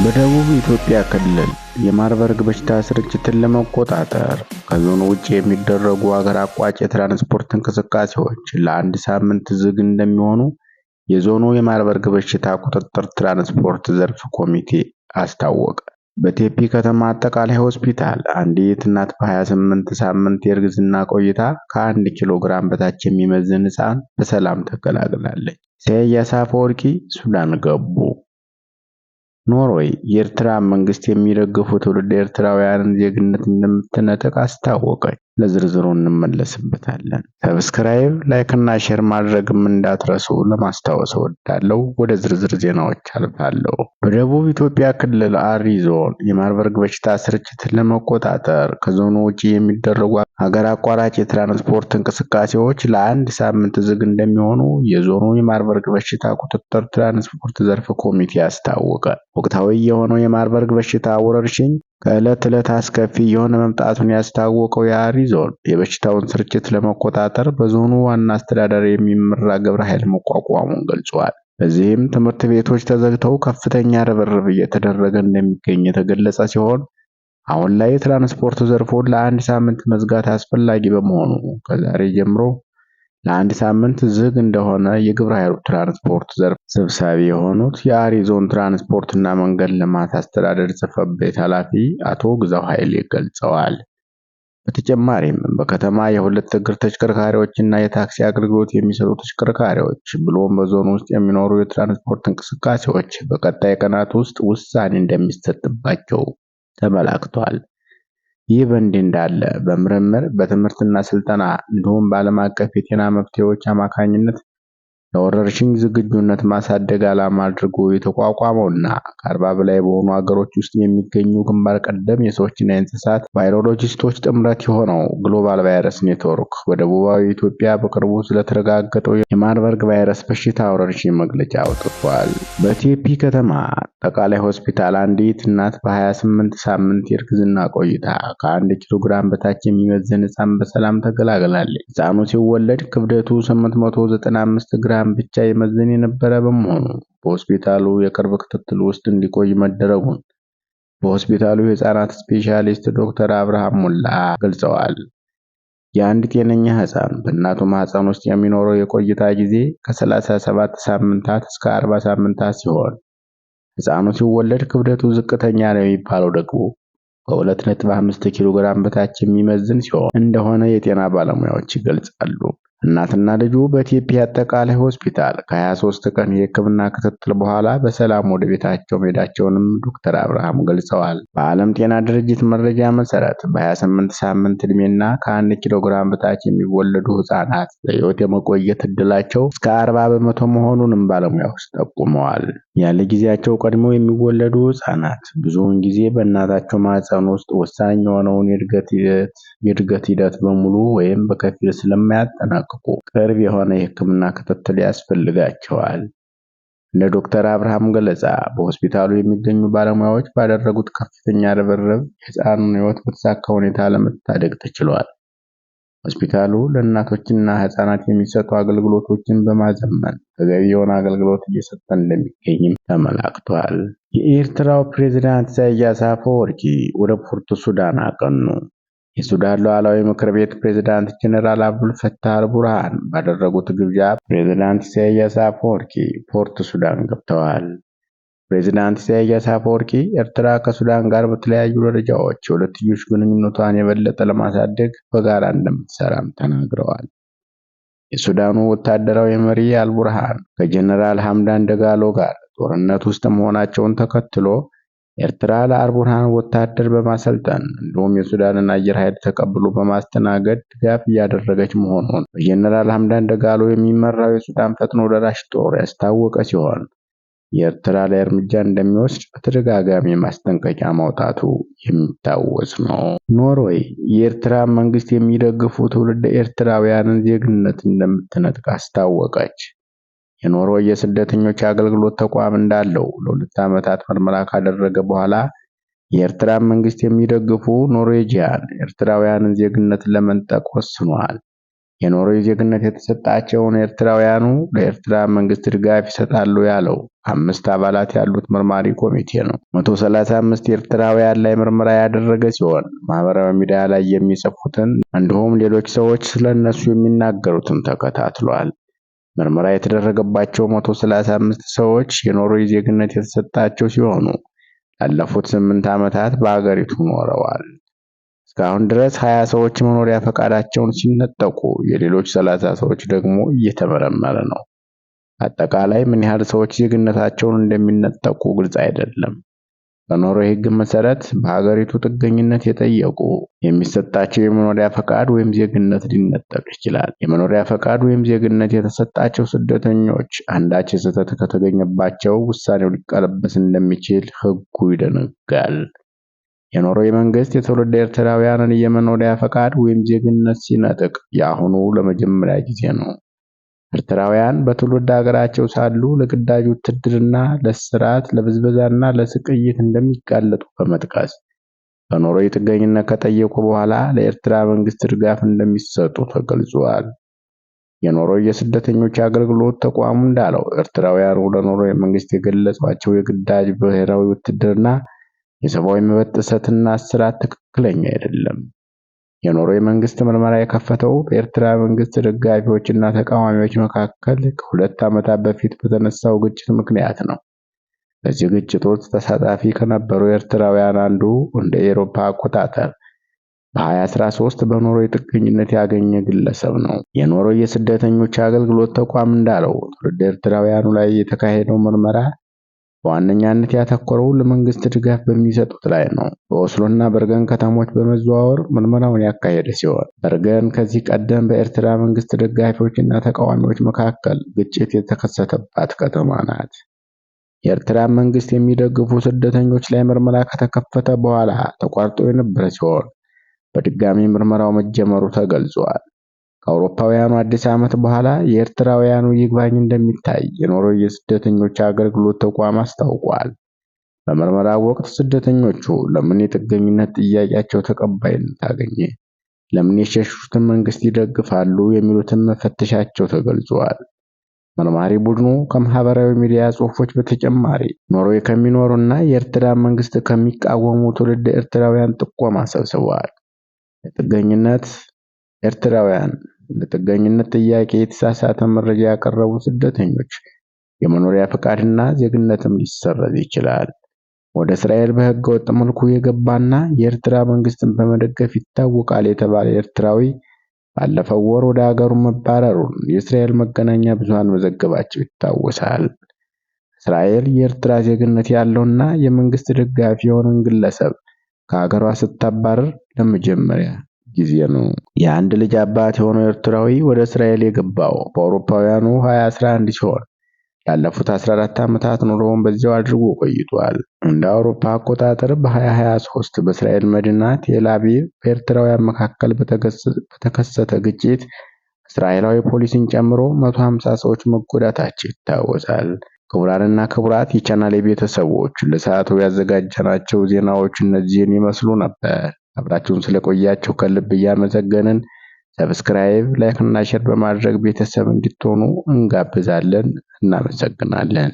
በደቡብ ኢትዮጵያ ክልል የማርበርግ በሽታ ስርጭትን ለመቆጣጠር ከዞኑ ውጭ የሚደረጉ አገር አቋጭ የትራንስፖርት እንቅስቃሴዎች ለአንድ ሳምንት ዝግ እንደሚሆኑ የዞኑ የማርበርግ በሽታ ቁጥጥር ትራንስፖርት ዘርፍ ኮሚቴ አስታወቀ። በቴፒ ከተማ አጠቃላይ ሆስፒታል አንዲት እናት በ28 ሳምንት የእርግዝና ቆይታ ከአንድ ኪሎ ግራም በታች የሚመዝን ህፃን በሰላም ተገላግላለች። ኢሳያስ አፈወርቂ ሱዳን ገቡ። ኖርዌይ የኤርትራን መንግስት የሚደግፉ ትውልድ ኤርትራውያንን ዜግነት እንደምትነጥቅ አስታወቀች ለዝርዝሩ እንመለስበታለን። ሰብስክራይብ፣ ላይክና ሼር ማድረግም እንዳትረሱ ለማስታወስ እወዳለሁ። ወደ ዝርዝር ዜናዎች አልፋለሁ። በደቡብ ኢትዮጵያ ክልል አሪ ዞን የማርበርግ በሽታ ስርጭትን ለመቆጣጠር ከዞኑ ውጪ የሚደረጉ ሀገር አቋራጭ የትራንስፖርት እንቅስቃሴዎች ለአንድ ሳምንት ዝግ እንደሚሆኑ የዞኑ የማርበርግ በሽታ ቁጥጥር ትራንስፖርት ዘርፍ ኮሚቴ አስታወቀ። ወቅታዊ የሆነው የማርበርግ በሽታ ወረርሽኝ ከዕለት ዕለት አስከፊ የሆነ መምጣቱን ያስታወቀው የሐረሪ ዞን የበሽታውን ስርጭት ለመቆጣጠር በዞኑ ዋና አስተዳዳሪ የሚመራ ግብረ ኃይል መቋቋሙን ገልጿል። በዚህም ትምህርት ቤቶች ተዘግተው ከፍተኛ ርብርብ እየተደረገ እንደሚገኝ የተገለጸ ሲሆን አሁን ላይ የትራንስፖርት ዘርፉን ለአንድ ሳምንት መዝጋት አስፈላጊ በመሆኑ ከዛሬ ጀምሮ ለአንድ ሳምንት ዝግ እንደሆነ የግብረ ኃይሉ ትራንስፖርት ዘርፍ ሰብሳቢ የሆኑት የአሪዞን ትራንስፖርትና መንገድ ልማት አስተዳደር ጽህፈት ቤት ኃላፊ አቶ ግዛው ኃይሌ ገልጸዋል። በተጨማሪም በከተማ የሁለት እግር ተሽከርካሪዎች እና የታክሲ አገልግሎት የሚሰጡ ተሽከርካሪዎች ብሎም በዞን ውስጥ የሚኖሩ የትራንስፖርት እንቅስቃሴዎች በቀጣይ ቀናት ውስጥ ውሳኔ እንደሚሰጥባቸው ተመላክቷል። ይህ በእንዲህ እንዳለ በምርምር በትምህርትና ስልጠና እንዲሁም በዓለም አቀፍ የጤና መፍትሄዎች አማካኝነት ለወረርሽኝ ዝግጁነት ማሳደግ ዓላማ አድርጎ የተቋቋመውና ከአርባ በላይ በሆኑ ሀገሮች ውስጥ የሚገኙ ግንባር ቀደም የሰዎችና የእንስሳት ቫይሮሎጂስቶች ጥምረት የሆነው ግሎባል ቫይረስ ኔትወርክ በደቡባዊ ኢትዮጵያ በቅርቡ ስለተረጋገጠው የማርበርግ ቫይረስ በሽታ ወረርሽኝ መግለጫ አውጥቷል። በቴፒ ከተማ አጠቃላይ ሆስፒታል አንዲት እናት በ28 ሳምንት የእርግዝና ቆይታ ከአንድ ኪሎግራም በታች የሚመዝን ሕፃን በሰላም ተገላግላለች። ህፃኑ ሲወለድ ክብደቱ 895 ግራም ግራም ብቻ ይመዝን የነበረ በመሆኑ በሆስፒታሉ የቅርብ ክትትል ውስጥ እንዲቆይ መደረጉን በሆስፒታሉ የሕፃናት ስፔሻሊስት ዶክተር አብርሃም ሙላ ገልጸዋል። የአንድ ጤነኛ ሕፃን በእናቱ ማህፀን ውስጥ የሚኖረው የቆይታ ጊዜ ከ37 ሳምንታት እስከ 40 ሳምንታት ሲሆን ሕፃኑ ሲወለድ ክብደቱ ዝቅተኛ ነው የሚባለው ደግሞ በ2.5 ኪሎ ግራም በታች የሚመዝን ሲሆን እንደሆነ የጤና ባለሙያዎች ይገልጻሉ። እናትና ልጁ በቴፒ አጠቃላይ ሆስፒታል ከ23 ቀን የሕክምና ክትትል በኋላ በሰላም ወደ ቤታቸው መሄዳቸውንም ዶክተር አብርሃም ገልጸዋል። በዓለም ጤና ድርጅት መረጃ መሰረት በ28 ሳምንት ዕድሜና ከ1 ኪሎ ግራም በታች የሚወለዱ ህጻናት በሕይወት የመቆየት ዕድላቸው እስከ 40 በመቶ መሆኑንም ባለሙያዎች ጠቁመዋል። ያለ ጊዜያቸው ቀድመው የሚወለዱ ህጻናት ብዙውን ጊዜ በእናታቸው ማህፀን ውስጥ ወሳኝ የሆነውን የእድገት ሂደት በሙሉ ወይም በከፊል ስለማያጠናቅቁ ቅርብ የሆነ የህክምና ክትትል ያስፈልጋቸዋል። እንደ ዶክተር አብርሃም ገለጻ በሆስፒታሉ የሚገኙ ባለሙያዎች ባደረጉት ከፍተኛ ርብርብ የህፃኑን ህይወት በተሳካ ሁኔታ ለመታደግ ተችሏል። ሆስፒታሉ ለእናቶችና ህፃናት የሚሰጡ አገልግሎቶችን በማዘመን ተገቢ የሆነ አገልግሎት እየሰጠ እንደሚገኝም ተመላክቷል። የኤርትራው ፕሬዝዳንት ኢሳያስ አፈወርቂ ወደ ፖርቱ ሱዳን አቀኑ። የሱዳን ሉዓላዊ ምክር ቤት ፕሬዝዳንት ጀኔራል አብዱልፈታህ አልቡርሃን ባደረጉት ግብዣ ፕሬዝዳንት ኢሳያስ አፈወርቂ ፖርት ሱዳን ገብተዋል። ፕሬዚዳንት ኢሳያስ አፈወርቂ ኤርትራ ከሱዳን ጋር በተለያዩ ደረጃዎች የሁለትዮሽ ግንኙነቷን የበለጠ ለማሳደግ በጋራ እንደምትሰራም ተናግረዋል። የሱዳኑ ወታደራዊ መሪ አልቡርሃን ከጀነራል ሐምዳን ደጋሎ ጋር ጦርነት ውስጥ መሆናቸውን ተከትሎ ኤርትራ ለአልቡርሃን ወታደር በማሰልጠን እንዲሁም የሱዳንን አየር ኃይል ተቀብሎ በማስተናገድ ድጋፍ እያደረገች መሆኑን በጀነራል ሐምዳን ደጋሎ የሚመራው የሱዳን ፈጥኖ ደራሽ ጦር ያስታወቀ ሲሆን የኤርትራ ላይ እርምጃ እንደሚወስድ በተደጋጋሚ ማስጠንቀቂያ ማውጣቱ የሚታወስ ነው። ኖርዌይ የኤርትራ መንግስት የሚደግፉ ትውልድ ኤርትራውያንን ዜግነት እንደምትነጥቅ አስታወቀች። የኖርዌይ የስደተኞች አገልግሎት ተቋም እንዳለው ለሁለት ዓመታት ምርመራ ካደረገ በኋላ የኤርትራ መንግስት የሚደግፉ ኖርዌጂያን ኤርትራውያንን ዜግነት ለመንጠቅ ወስኗል። የኖርዌይ ዜግነት የተሰጣቸውን ኤርትራውያኑ ለኤርትራ መንግስት ድጋፍ ይሰጣሉ ያለው አምስት አባላት ያሉት መርማሪ ኮሚቴ ነው። 135 ኤርትራውያን ላይ ምርመራ ያደረገ ሲሆን ማህበራዊ ሚዲያ ላይ የሚጽፉትን እንዲሁም ሌሎች ሰዎች ስለ እነሱ የሚናገሩትን ተከታትሏል። ምርመራ የተደረገባቸው 135 ሰዎች የኖርዌይ ዜግነት የተሰጣቸው ሲሆኑ ላለፉት ስምንት ዓመታት በአገሪቱ ኖረዋል። እስካሁን ድረስ ሀያ ሰዎች መኖሪያ ፈቃዳቸውን ሲነጠቁ የሌሎች ሰላሳ ሰዎች ደግሞ እየተመረመረ ነው። አጠቃላይ ምን ያህል ሰዎች ዜግነታቸውን እንደሚነጠቁ ግልጽ አይደለም። በኖርዌይ ሕግ መሰረት በሀገሪቱ ጥገኝነት የጠየቁ የሚሰጣቸው የመኖሪያ ፈቃድ ወይም ዜግነት ሊነጠቅ ይችላል። የመኖሪያ ፈቃድ ወይም ዜግነት የተሰጣቸው ስደተኞች አንዳች ስህተት ከተገኘባቸው ውሳኔው ሊቀለበስ እንደሚችል ሕጉ ይደነጋል። የኖሮ መንግስት የትውልድ ኤርትራውያንን የመኖሪያ ፈቃድ ወይም ዜግነት ሲነጥቅ የአሁኑ ለመጀመሪያ ጊዜ ነው። ኤርትራውያን በትውልድ ሀገራቸው ሳሉ ለግዳጅ ውትድርና፣ ለስርዓት፣ ለብዝበዛና ለስቅይት እንደሚጋለጡ በመጥቀስ በኖርዌይ ጥገኝነት ከጠየቁ በኋላ ለኤርትራ መንግስት ድጋፍ እንደሚሰጡ ተገልጿል። የኖርዌይ የስደተኞች አገልግሎት ተቋሙ እንዳለው ኤርትራውያኑ ለኖርዌይ መንግስት የገለጿቸው የግዳጅ ብሔራዊ ውትድርና የሰብአዊ መብት ጥሰትና እስራት ትክክለኛ አይደለም። የኖሮ መንግስት ምርመራ የከፈተው በኤርትራ መንግስት ደጋፊዎችና ተቃዋሚዎች መካከል ከሁለት ዓመታት በፊት በተነሳው ግጭት ምክንያት ነው። በዚህ ግጭት ውስጥ ተሳታፊ ከነበሩ ኤርትራውያን አንዱ እንደ ኤሮፓ አቆጣጠር በ2013 በኖርዌይ ጥገኝነት ያገኘ ግለሰብ ነው። የኖርዌይ የስደተኞች አገልግሎት ተቋም እንዳለው ትውልደ ኤርትራውያኑ ላይ የተካሄደው ምርመራ በዋነኛነት ያተኮረው ለመንግስት ድጋፍ በሚሰጡት ላይ ነው። በኦስሎና በርገን ከተሞች በመዘዋወር ምርመራውን ያካሄደ ሲሆን በርገን ከዚህ ቀደም በኤርትራ መንግስት ደጋፊዎችና ተቃዋሚዎች መካከል ግጭት የተከሰተባት ከተማ ናት። የኤርትራ መንግስት የሚደግፉ ስደተኞች ላይ ምርመራ ከተከፈተ በኋላ ተቋርጦ የነበረ ሲሆን በድጋሚ ምርመራው መጀመሩ ተገልጿል። ከአውሮፓውያኑ አዲስ ዓመት በኋላ የኤርትራውያኑ ይግባኝ እንደሚታይ የኖርዌይ የስደተኞች አገልግሎት ተቋም አስታውቋል። በምርመራ ወቅት ስደተኞቹ ለምን የጥገኝነት ጥያቄያቸው ተቀባይነት አገኘ፣ ለምን የሸሹትን መንግስት ይደግፋሉ የሚሉትን መፈተሻቸው ተገልጿል። መርማሪ ቡድኑ ከማህበራዊ ሚዲያ ጽሑፎች በተጨማሪ ኖርዌይ እና የኤርትራ መንግስት ከሚቃወሙ ትውልድ ኤርትራውያን ጥቆማ ሰብስበዋል። የጥገኝነት ኤርትራውያን ለጥገኝነት ጥያቄ የተሳሳተ መረጃ ያቀረቡ ስደተኞች የመኖሪያ ፍቃድና ዜግነትም ሊሰረዝ ይችላል። ወደ እስራኤል በህገ ወጥ መልኩ የገባና የኤርትራ መንግስትን በመደገፍ ይታወቃል የተባለ ኤርትራዊ ባለፈው ወር ወደ ሀገሩ መባረሩን የእስራኤል መገናኛ ብዙሃን መዘገባቸው ይታወሳል። እስራኤል የኤርትራ ዜግነት ያለውና የመንግስት ደጋፊ የሆነን ግለሰብ ከሀገሯ ስታባረር ለመጀመሪያ ጊዜ ነው። የአንድ ልጅ አባት የሆነው ኤርትራዊ ወደ እስራኤል የገባው በአውሮፓውያኑ 2011 ሲሆን ላለፉት 14 ዓመታት ኑሮውን በዚያው አድርጎ ቆይቷል። እንደ አውሮፓ አቆጣጠር በ2023 በእስራኤል መዲና ቴልአቪቭ በኤርትራውያን መካከል በተከሰተ ግጭት እስራኤላዊ ፖሊስን ጨምሮ 150 ሰዎች መጎዳታቸው ይታወሳል። ክቡራንና ክቡራት የቻናል ቤተሰቦች ለሰዓቱ ያዘጋጀናቸው ዜናዎች እነዚህን ይመስሉ ነበር። አብራችሁን ስለቆያችሁ ከልብ እያመሰገንን ሰብስክራይብ፣ ላይክ እና ሼር በማድረግ ቤተሰብ እንድትሆኑ እንጋብዛለን። እናመሰግናለን።